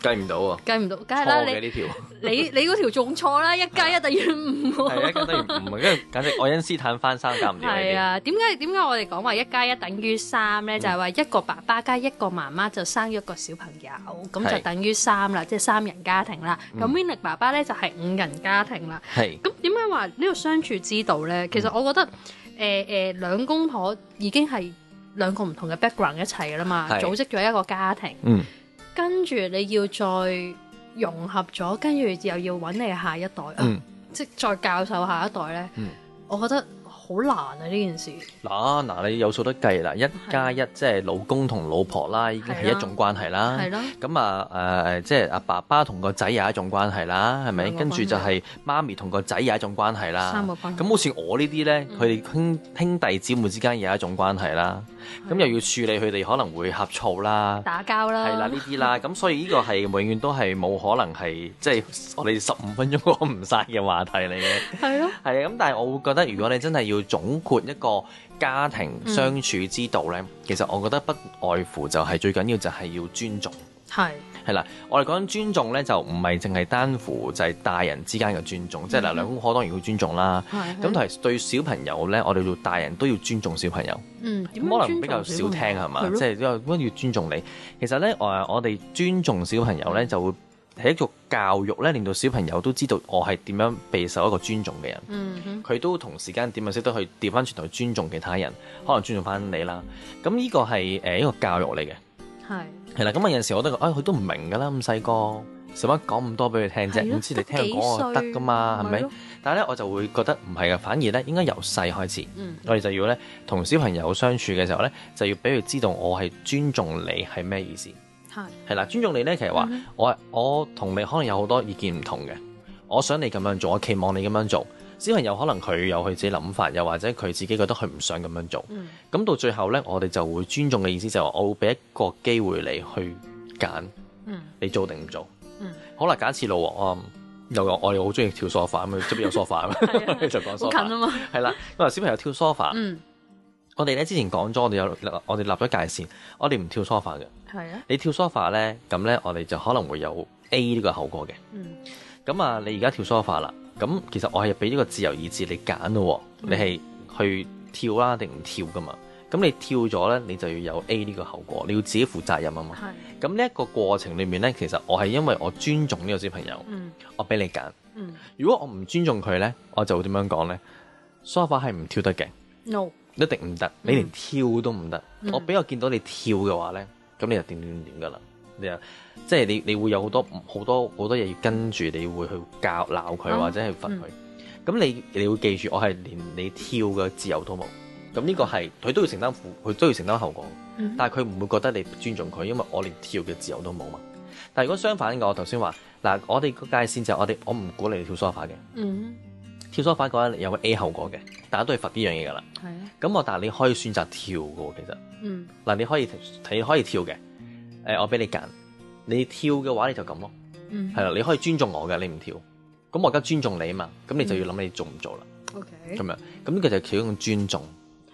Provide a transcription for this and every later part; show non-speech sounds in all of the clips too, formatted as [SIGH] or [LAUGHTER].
計唔到啊！計唔到，梗係啦！你你你嗰條仲錯啦！一加一等於五，係一加一唔係，跟住簡直愛因斯坦翻生都唔掂嘅。係啊，點解點解我哋講話一加一等於三咧？就係話一個爸爸加一個媽媽就生咗一個小朋友，咁就等於三啦，即係三人家庭啦。咁 Winnie 爸爸咧就係五人家庭啦。係咁點解話呢個相處之道咧？其實我覺得誒誒，兩公婆已經係兩個唔同嘅 background 一齊噶啦嘛，組織咗一個家庭。嗯。跟住你要再融合咗，跟住又要揾你下一代、嗯、啊！即再教授下一代咧，嗯、我覺得。好難啊！呢件事嗱嗱，你有數得計啦，一加一即係老公同老婆啦，已經係一種關係啦。係咯。咁啊誒，即係阿爸爸同個仔有一種關係啦，係咪？跟住就係媽咪同個仔有一種關係啦。三個咁好似我呢啲咧，佢哋兄兄弟姊妹之間有一種關係啦。咁又要處理佢哋可能會呷醋啦、打交啦，係啦呢啲啦。咁所以呢個係永遠都係冇可能係即係我哋十五分鐘講唔曬嘅話題嚟嘅。係咯。係啊，咁但係我會覺得，如果你真係要，總括一個家庭相處之道呢，嗯、其實我覺得不外乎就係、是、最緊要就係要尊重。係係是啦，我哋講緊尊重呢，就唔係淨係單乎就係大人之間嘅尊重，嗯、即係嗱，兩公婆當然要尊重啦。咁同埋對小朋友呢，我哋做大人都要尊重小朋友。嗯，可能比較少聽係嘛？即係點解要尊重你？其實呢，誒我哋尊重小朋友呢，就會係一教育咧，令到小朋友都知道我係點樣備受一個尊重嘅人，佢、嗯、哼都同時間點樣識得去調翻轉頭去尊重其他人，嗯、哼可能尊重翻你啦。咁呢個係、呃、一個教育嚟嘅，係係啦。咁有陣時我都覺得，哎，佢都唔明㗎啦，咁細個，使乜講咁多俾佢聽啫？唔的知你聽佢講我得㗎嘛？係咪？但係咧，我就會覺得唔係嘅，反而咧應該由細開始，嗯、哼我哋就要咧同小朋友相處嘅時候咧，就要俾佢知道我係尊重你係咩意思。係，係啦，尊重你咧，其實話我我同你可能有好多意見唔同嘅，我想你咁樣做，我期望你咁樣做。小朋友可能佢有佢自己諗法，又或者佢自己覺得佢唔想咁樣做。咁、嗯、到最後咧，我哋就會尊重嘅意思就係話、是，我會俾一個機會你去揀，嗯、你做定唔做。嗯、好啦，假設老王又我哋好中意跳沙發咁，咪側邊有沙發啊嘛，就講沙發。好近啊嘛。係啦，咁啊小朋友跳沙發。嗯我哋咧之前講咗，我哋有我哋立咗界線，我哋唔跳梳化嘅。係啊的，你跳梳化咧，咁咧我哋就可能會有 A 呢個後果嘅。嗯，咁啊，你而家跳梳化啦，咁其實我係俾呢個自由意志你揀咯，你係、喔嗯、去跳啦定唔跳㗎嘛？咁你跳咗咧，你就要有 A 呢個後果，你要自己負責任啊嘛。係的。咁呢一個過程裏面咧，其實我係因為我尊重呢個小朋友，我俾你揀。嗯。嗯，如果我唔尊重佢咧，我就會點樣講咧？梳化係唔跳得嘅。No。一定唔得，你連跳都唔得。嗯、我比較見到你跳嘅話咧，咁你就點點點噶啦，你又即係你你會有好多好多好多嘢要跟住、嗯嗯，你會去教鬧佢或者去罰佢。咁你你要記住，我係連你跳嘅自由都冇。咁呢個係佢都要承擔負，佢都要承擔後果。嗯、但係佢唔會覺得你尊重佢，因為我連跳嘅自由都冇嘛。但係如果相反嘅，我頭先話嗱，我哋個界線就係我哋我唔鼓勵你跳 sofa 嘅。嗯相反嘅話，發覺有個 A 後果嘅，大家都係罰呢樣嘢噶啦。係啊的。咁我但係你可以選擇跳嘅，其實。嗯。嗱，你可以，你可以跳嘅。誒，我俾你揀，你跳嘅話你就咁咯。嗯。係啦，你可以尊重我嘅，你唔跳。咁我而家尊重你啊嘛。咁你就要諗你做唔做啦。O K、嗯。咁、okay. 樣，咁其實其中尊重。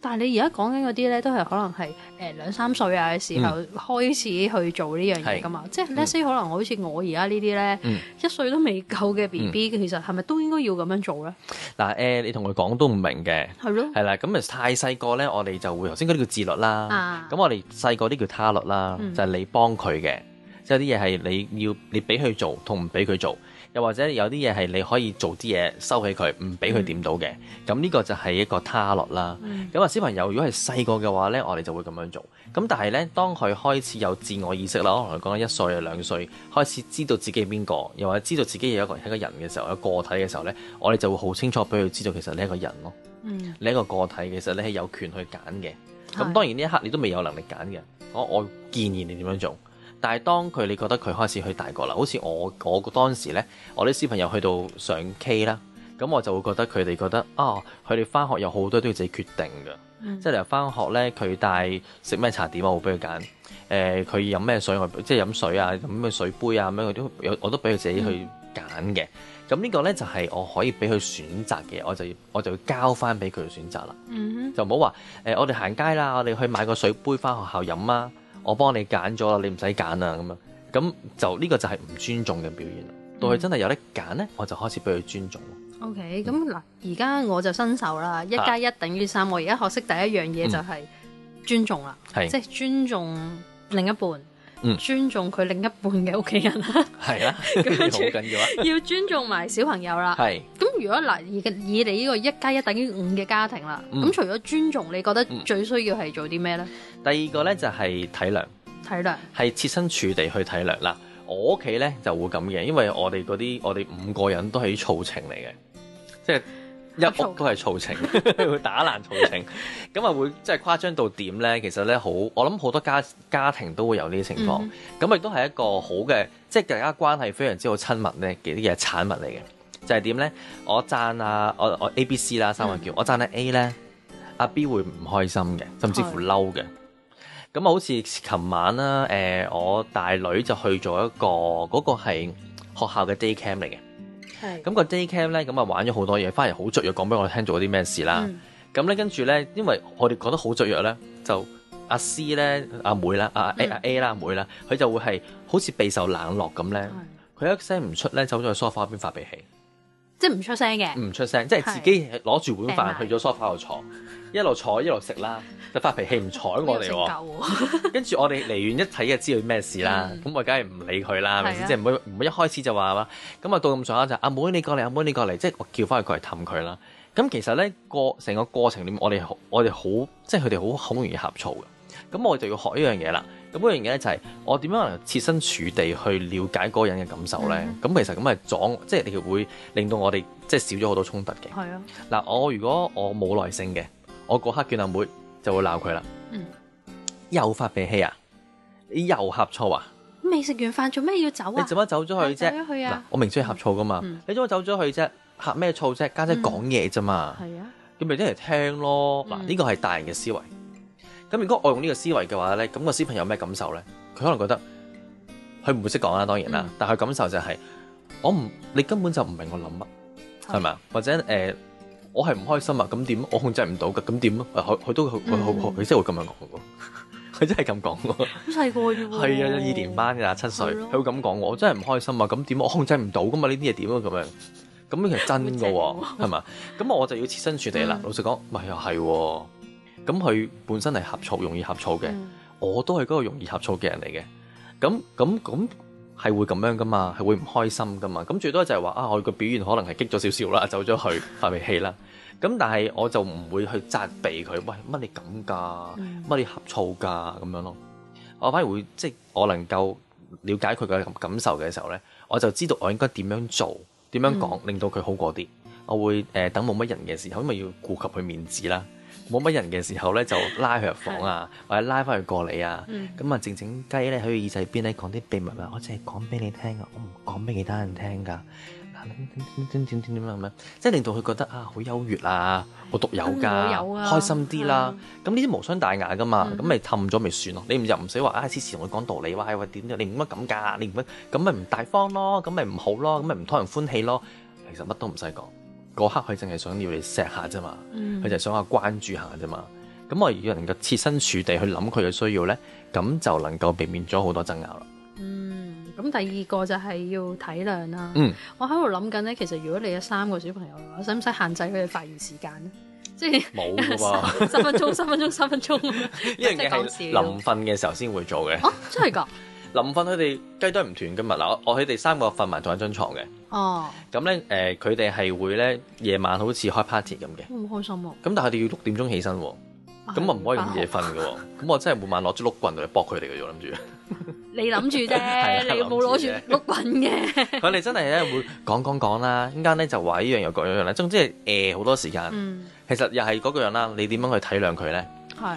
但係你而家講緊嗰啲咧，都係可能係誒兩三歲啊嘅時候開始去做呢樣嘢㗎嘛？即係 let's say 可能好似我而家呢啲咧一歲都未夠嘅 BB，其實係咪都應該要咁樣做咧？嗱誒，你同佢講都唔明嘅，係咯，係啦，咁太細個咧，我哋就會頭先嗰啲叫自律啦，咁我哋細個啲叫他律啦，就係你幫佢嘅，即係啲嘢係你要你俾佢做同唔俾佢做。又或者有啲嘢係你可以做啲嘢收起佢，唔俾佢點到嘅。咁呢、嗯、個就係一個他律啦。咁啊、嗯，小朋友如果係細個嘅話呢，我哋就會咁樣做。咁但係呢，當佢開始有自我意識啦，我同講講，一歲啊兩歲開始知道自己係邊個，又或者知道自己有一個係一個人嘅時候，有個體體嘅時候呢，我哋就會好清楚俾佢知道，其實你係一個人咯。嗯、你一個個體，其實你係有權去揀嘅。咁、嗯、當然呢一刻你都未有能力揀嘅。我我建議你點樣做。但係當佢你覺得佢開始去大個啦，好似我我當時咧，我啲小朋友去到上 K 啦，咁我就會覺得佢哋覺得啊，佢哋翻學有好多都要自己決定嘅、嗯呃，即係例如翻學咧，佢帶食咩茶點，我會俾佢揀，誒佢飲咩水，我即係飲水啊，咁嘅水杯啊咁樣，我都有我都俾佢自己去揀嘅，咁、嗯、呢個咧就係、是、我可以俾佢選擇嘅，我就我就會交翻俾佢選擇啦，嗯、哼就唔好話誒我哋行街啦，我哋去買個水杯翻學校飲啊。我幫你揀咗啦，你唔使揀啦咁樣，咁就呢個就係唔尊重嘅表現。到佢真係有得揀呢，我就開始俾佢尊重。OK，咁嗱，而家我就新手啦，一加一等於三。我而家學識第一樣嘢就係尊重啦，即係、嗯、尊重另一半。是嗯，尊重佢另一半嘅屋企人啦，係啦、啊，咁樣好緊要啊！要尊重埋小朋友啦，係是。咁如果嗱，以以你呢個一加一等於五嘅家庭啦，咁、嗯、除咗尊重，你覺得最需要係做啲咩咧？第二個咧就係體諒，體諒係諒切身處地去體諒啦。我屋企咧就會咁嘅，因為我哋嗰啲我哋五個人都係湊情嚟嘅，即係。一屋都係嘈情，會 [LAUGHS] 打爛嘈情。咁啊 [LAUGHS] 會即係誇張到點咧？其實咧好，我諗好多家家庭都會有呢啲情況，咁亦都係一個好嘅，即係大家關係非常之好親密咧嘅啲嘢產物嚟嘅。就係點咧？我讚啊，我我 A B C 啦三個叫，嗯、我讚咧、啊、A 咧，阿、啊、B 會唔開心嘅，甚至乎嬲嘅。咁、嗯、啊好似琴晚啦，誒我大女就去咗一個，嗰、那個係學校嘅 day camp 嚟嘅。咁是個 daycam 咧，咁啊玩咗好多嘢，反而好雀躍講俾我聽做咗啲咩事啦。咁咧、嗯、跟住咧，因為我哋覺得好雀躍咧，就阿、啊、C 咧、阿、啊、妹啦、阿、啊、A 啦、啊啊、A 啦、妹啦，佢就會係好似備受冷落咁咧，佢是一聲唔出咧，走咗去 sofa 邊發脾氣，即係唔出聲嘅，唔出聲，即係自己攞住碗飯去咗 sofa 度坐。一路坐一路食啦，就發脾氣唔睬我哋喎。跟住我哋 [LAUGHS] 離遠一睇就知道咩事啦。咁、mm hmm. 我梗係唔理佢啦，明唔明先、mm？即係唔會唔會一開始就話啊。咁啊到咁上下就阿妹你過嚟，阿、啊、妹你過嚟，即、就、係、是、我叫翻佢過嚟氹佢啦。咁其實咧過成個過程點？我哋我哋好即係佢哋好好容易呷醋嘅。咁我哋就要學呢樣嘢啦。咁呢樣嘢咧就係我點樣能夠設身處地去了解嗰個人嘅感受咧？咁、mm hmm. 其實咁係撞，即、就、係、是、會令到我哋即係少咗好多衝突嘅。係 Yeah. 啊，嗱我如果我冇耐性嘅。我嗰刻叫阿妹，妹就會鬧佢啦，嗯，又發脾氣啊，你又呷醋啊？未食完飯做咩要走啊？你做乜走咗去啫，啊？嗱、啊，嗯、我明知係呷醋噶嘛，嗯嗯、你做乜走咗去啫？呷咩醋啫？家姐講嘢啫嘛，係、嗯、啊，佢咪一嚟聽咯。嗱、啊，呢個係大人嘅思維。咁如果我用呢個思維嘅話咧，咁、個小朋友咩感受咧？佢可能覺得佢唔會識講啦，當然啦，嗯、但係佢感受就係、是、我唔，你根本就唔明我諗乜，係咪啊？吧嗯、或者誒？呃我係唔開心啊，咁點？我控制唔到噶，咁點咯？佢佢都佢佢佢真係會咁樣講噶，佢真係咁講噶。好細個啫喎，係啊，二年班嘅，七歲，佢的會咁講我，我真係唔開心啊，咁點？我控制唔到噶嘛，呢啲嘢點啊咁樣？咁其實真噶，係嘛、 [LAUGHS] 啊？咁我就要設身處地、mm hmm. 實地啦。老實講，咪又係咁、哦，佢本身係呷醋，容易呷醋嘅，mm hmm. 我都係嗰個容易呷醋嘅人嚟嘅。咁咁咁係會咁樣噶嘛？係會唔開心噶嘛？咁最多就係話啊，我個表現可能係激咗少少啦，走咗去發脾氣啦。 [LAUGHS] 咁但係我就唔會去責備佢，喂，乜你咁㗎，乜你呷醋㗎咁樣咯、嗯。我反而會即係我能夠了解佢嘅感受嘅時候咧，我就知道我應該點樣做、點樣講，令到佢好過啲。嗯、我會、呃、等冇乜人嘅時候，因為要顧及佢面子啦。冇乜人嘅時候咧，就拉佢入房啊，或者 [LAUGHS] 拉翻佢過嚟啊。咁啊、嗯、靜靜雞咧喺耳仔邊咧講啲秘密，我淨係講俾你聽㗎，我唔講俾其他人聽㗎。點點點點點咁樣，即係令到佢覺得啊好優越啊，好獨有噶，開心啲啦。咁呢啲無傷大雅噶嘛，咁咪氹咗咪算咯。你唔唔使話啊，之前同佢講道理，話係點樣，你唔乜咁噶，你唔乜咁咪唔大方咯，咁咪唔好咯，咁咪唔討人歡喜咯。其實乜都唔使講，嗰刻佢淨係想要你錫下啫嘛，佢就係想話關注下啫嘛。咁我如果能夠設身處地去諗佢嘅需要咧，咁就能夠避免咗好多爭拗啦。咁第二個就係要體諒啦、啊嗯。我喺度諗緊咧，其實如果你有三個小朋友嘅話，使唔使限制佢哋發言時間咧？即係冇啊，十 [LAUGHS] 分鐘十分鐘十分鐘。呢樣嘢係臨瞓嘅時候先會做嘅。他們的哦，真係噶！臨瞓佢哋雞都係唔斷噶嘛。嗱，我佢哋三個瞓埋同一張床嘅。哦。咁咧，誒佢哋係會咧夜晚好似開 party 咁嘅。唔開心啊！咁但係佢哋要六點鐘起身喎。咁我唔可以咁夜瞓喎。咁 [LAUGHS] 我真係每晚攞住碌棍嚟搏佢哋嘅啫，諗住。你諗住啫， [LAUGHS] 的你冇攞住碌棍嘅。佢 [LAUGHS] 哋真係咧會講講講啦，陣間咧就話一樣又各樣啦，總之誒好、呃、多時間。嗯、其實又係嗰句樣啦，你點樣去體諒佢咧？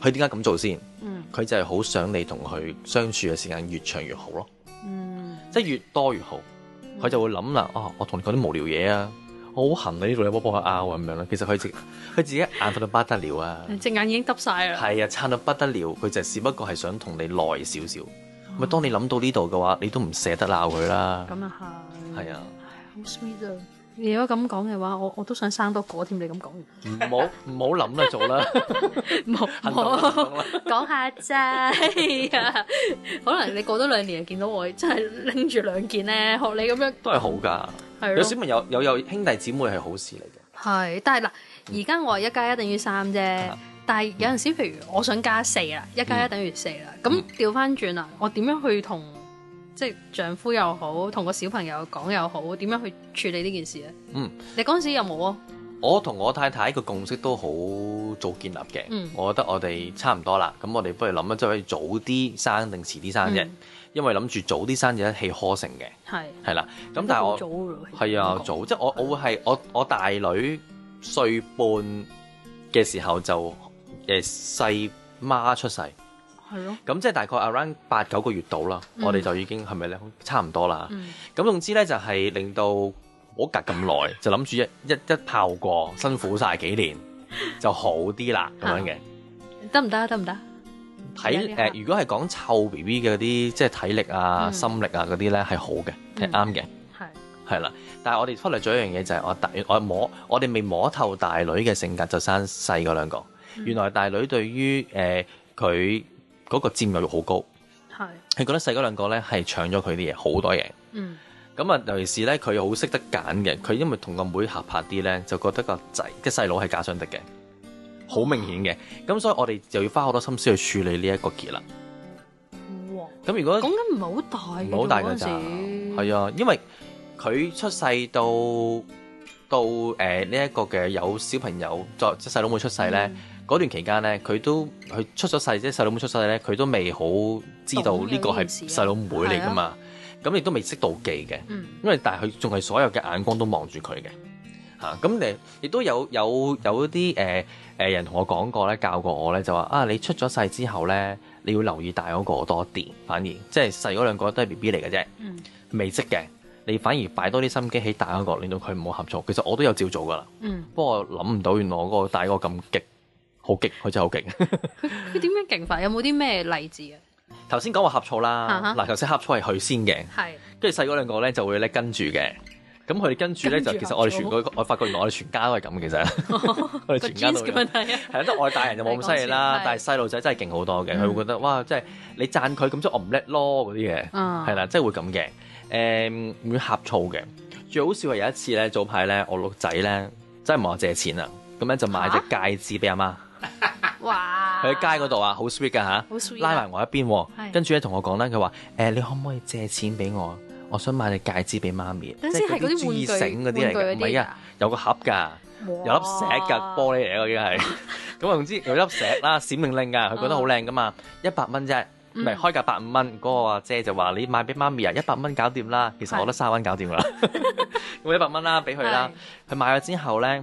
佢點解咁做先？佢、嗯、就係好想你同佢相處嘅時間越長越好咯。嗯。即係越多越好，佢就會諗啦。哦，我同你講啲無聊嘢啊。好痕，你呢度你幫幫佢拗咁樣啦，其實佢自佢自己眼瞓到不得了啊，隻眼已經耷晒啦。係啊，撐到不得了，佢就只不過係想同你耐少少。咁當、嗯、當你諗到呢度嘅話，你都唔捨得鬧佢啦。咁啊係。呀，啊，好 sweet 啊！你如果咁講嘅話，我我都想生多個添。你咁講，唔好唔好諗啦， [LAUGHS] 做啦了。好， [LAUGHS] 講下啫？ [LAUGHS] 可能你過多兩年見見到我，真係拎住兩件咧學你咁樣。都係好㗎。對有小朋友，有有，有兄弟姊妹係好事嚟嘅，係，但係嗱，而家我係一加一等於三啫，嗯、但係有陣時譬如我想加四啊，一加一等於四啦，咁調翻轉啦，我點樣去同即係丈夫又好，同個小朋友講又好，點樣去處理呢件事咧？嗯，你嗰陣時有冇啊？我同我太太個共識都好早建立嘅，嗯、我覺得我哋差唔多啦，咁我哋不如諗一諗，就可以早啲生定遲啲生啫。嗯因為諗住早啲生嘢一氣呵成嘅，係係啦，咁但係我係啊早，即係我我會係我我大女歲半嘅時候就誒細媽出世，係咯，咁即係大概 around 八九個月度啦，我哋就已經係咪咧差唔多啦？咁總之咧就係令到我隔咁耐就諗住一一一泡過辛苦晒幾年就好啲啦咁樣嘅，得唔得，得唔得？睇誒、呃，如果係講臭 B B 嘅嗰啲，即係體力啊、嗯、心力啊嗰啲咧，係好嘅，係啱嘅，係係啦。但係我哋忽略咗一樣嘢就係我大，我摸，我哋未摸透大女嘅性格就生細嗰兩個。嗯、原來大女對於誒佢嗰個佔有慾好高，係佢是覺得細嗰兩個咧係搶咗佢啲嘢，好多嘢。嗯，咁啊，尤其是咧，佢好識得揀嘅，佢因為同個妹，妹合拍啲咧，就覺得個仔即係細佬係假想敵嘅。好明顯嘅，咁所以我哋就要花好多心思去處理呢一個結嘞。哇！咁如果講緊唔係好大嘅，唔好大嘅咋？係啊，因為佢出世到到誒呢一個嘅有小朋友，作即細佬妹出世咧，嗰、嗯、段期間咧，佢都佢出咗世即係，細佬妹出世咧，佢都未好知道呢個係細佬妹嚟噶嘛，咁亦、啊啊、都未識妒忌嘅，嗯、因為但係佢仲係所有嘅眼光都望住佢嘅。咁、啊、你亦都有有有啲誒誒人同我講過咧，教過我咧，就話啊，你出咗世之後咧，你要留意大嗰個多啲，反而即係細嗰兩個都係 B B 嚟嘅啫，未識嘅，你反而擺多啲心機喺大嗰、嗰個，令到佢唔好呷醋。其實我都有照做噶啦，嗯、不過諗唔到，原來我嗰個大嗰個咁極，好極，佢真係好勁。佢點樣勁法？有冇啲咩例子啊？頭、uh huh、先講話呷醋啦，嗱的，頭先呷醋係佢先嘅，跟住細嗰兩個咧就會咧跟住嘅。咁佢哋跟住咧就，其實我哋全個，我發覺原來我哋全家都係咁，其實我哋全家都係。個 g 啊，係啦，得我哋大人就冇咁犀利啦，但係細路仔真係勁好多嘅，佢會覺得哇，真係你讚佢咁即係我唔叻咯嗰啲嘢，係啦，真係會咁嘅，誒會呷醋嘅。最好笑係有一次咧，早排咧，我女仔咧真係問我借錢啊，咁樣就買隻戒指俾阿媽。哇！佢喺街嗰度啊，好 sweet 噶嚇，拉埋我一邊，跟住咧同我講啦，佢話誒你可唔可以借錢俾我？我想買隻戒指俾媽咪，即係嗰啲鑽戒，嗰啲嚟嘅，唔係啊，有個盒噶，有粒石噶玻璃嚟嘅，嗰啲係，咁啊，總之佢粒石啦，閃令令噶，佢覺得好靚噶嘛，一百蚊啫，唔係開價百五蚊，嗰個阿姐就話你買俾媽咪啊，一百蚊搞掂啦，其實我都三蚊搞掂啦，咁一百蚊啦，俾佢啦，佢買咗之後咧，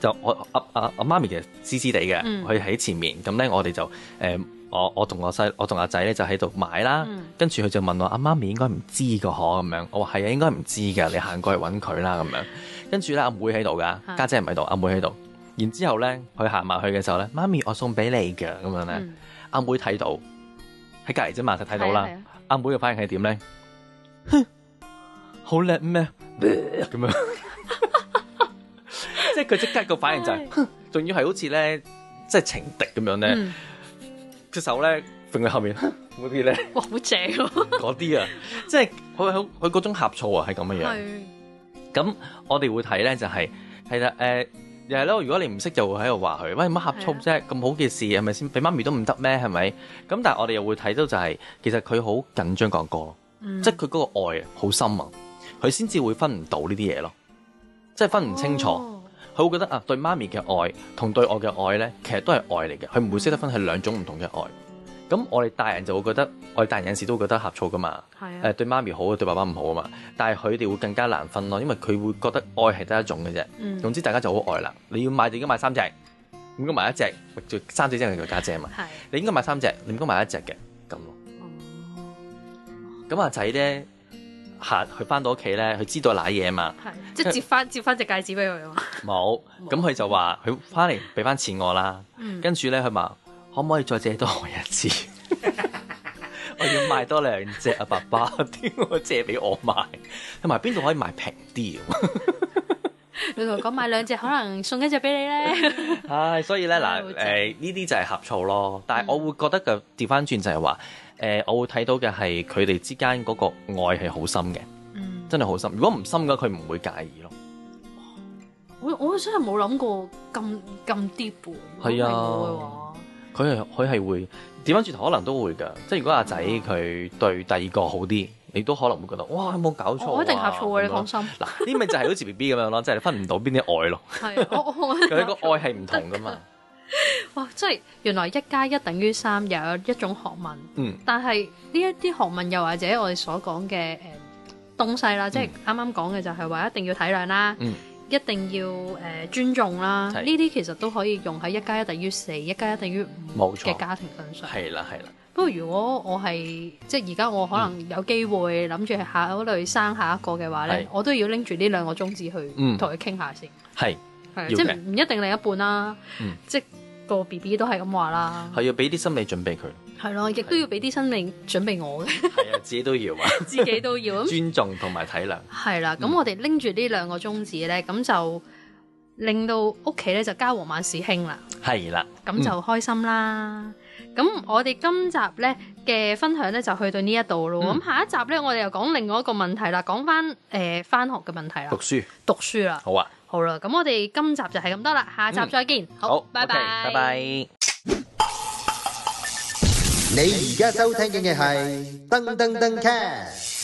就我阿阿阿媽咪其實黐黐地嘅，佢喺前面，咁咧我哋就誒。我我同我細我同阿仔咧就喺度買啦，嗯、跟住佢就問我阿媽咪應該唔知個可咁樣，我話係啊，應該唔知噶你行過去搵佢啦咁樣。跟住咧阿妹喺度噶，家姐唔喺度，阿妹喺度。然之後咧佢行埋去嘅時候咧，媽咪我送俾你嘅咁樣咧，阿、嗯、妹睇到喺隔籬啫嘛，就睇到啦。阿是的、啊、妹嘅反應係點咧？哼，好叻咩？咁樣，即係佢即刻個反應就係、是，仲要係好似咧，即、就、係、是、情敵咁樣咧。嗯隻手咧瞓喺後面，嗰啲咧，哇好正咯！嗰啲啊，啊，即係佢佢嗰種呷醋啊，係咁嘅樣。咁的我哋會睇咧，就係係啦，誒、呃，又係咯。如果你唔識，就會喺度話佢，喂，乜呷醋啫、啊？咁的好嘅事係咪先俾媽咪都唔得咩？係咪？咁但係我哋又會睇到就係、是，其實佢好緊張講歌、嗯、咯，即係佢嗰個愛好深啊，佢先至會分唔到呢啲嘢咯，即係分唔清楚、哦。佢會覺得啊，對媽咪嘅愛同對我嘅愛咧，其實都係愛嚟嘅，佢唔會識得分係兩種唔同嘅愛。咁我哋大人就會覺得，我哋大人有陣時都會覺得呷醋噶嘛。係是、啊呃、對媽咪好，對爸爸唔好啊嘛。但係佢哋會更加難分咯，因為佢會覺得愛係得一種嘅啫。總、嗯、總之大家就好愛啦。你要買自己買，買三隻，唔應該買一隻，三隻真係佢家姐啊嘛。你應該買，是、啊、買三隻，唔應該買一隻嘅咁咯。咁阿仔咧？嚇！佢翻到屋企咧，佢知道揦嘢嘛，即係的他接翻接翻隻戒指俾佢喎。冇沒，咁佢沒 就話：佢翻嚟俾翻錢我啦。嗯、跟住咧，佢話：可唔可以再借多我一次？ [LAUGHS] 我要買多兩隻啊！爸爸，點解借俾我買？同埋邊度可以買平啲？ [LAUGHS] [LAUGHS] 你同佢講買兩隻，可能送一隻俾你咧。唉、 [LAUGHS] 啊，所以咧嗱，呢啲、 [LAUGHS] 呃、就係呷醋咯。但係我會覺得嘅調翻轉就係話、呃，我會睇到嘅係佢哋之間嗰個愛係好深嘅，嗯，真係好深。如果唔深嘅，佢唔會介意咯。我我真係冇諗過咁咁 deep 係佢係佢會調翻轉，可能都會噶。即係如果阿仔佢對第二個好啲。你都可能會覺得，哇，冇搞錯、啊、我一定呷醋啊！你放心嗱，呢咪就係好似 B B 咁樣咯， [LAUGHS] 即係你分唔到邊啲愛咯。係佢個愛係唔同噶嘛的。哇！即係原來一加一等於三，有一種學問。嗯、但係呢一啲學問，又或者我哋所講嘅誒東西啦，嗯、即係啱啱講嘅就係話一定要體諒啦，嗯、一定要誒、呃、尊重啦，呢啲是其實都可以用喺一加一等於四，一加一等於五嘅家庭身上。係啦，係啦。不過，如果我係即而家，我可能有機會諗住下嗰類生下一個嘅話咧，我都要拎住呢兩個宗旨去同佢傾下先。係，即唔一定另一半啦，即係個 B B 都係咁話啦。係要俾啲心理準備佢。係咯，亦都要俾啲心理準備我嘅。係啊，自己都要啊。自己都要。尊重同埋體諒。係啦，咁我哋拎住呢兩個宗旨咧，咁就令到屋企咧就家和萬事興啦。係啦，咁就開心啦。咁我哋今集呢嘅分享呢就去到呢一度咯，咁下一集呢我哋又講另外一個問題啦，講返誒返學嘅問題啦，讀書，讀書啦，好啊，好啦，咁我哋今集就係咁多啦，下集再見，好，拜拜，拜拜。你而家收聽緊嘅係噔噔噔 cast。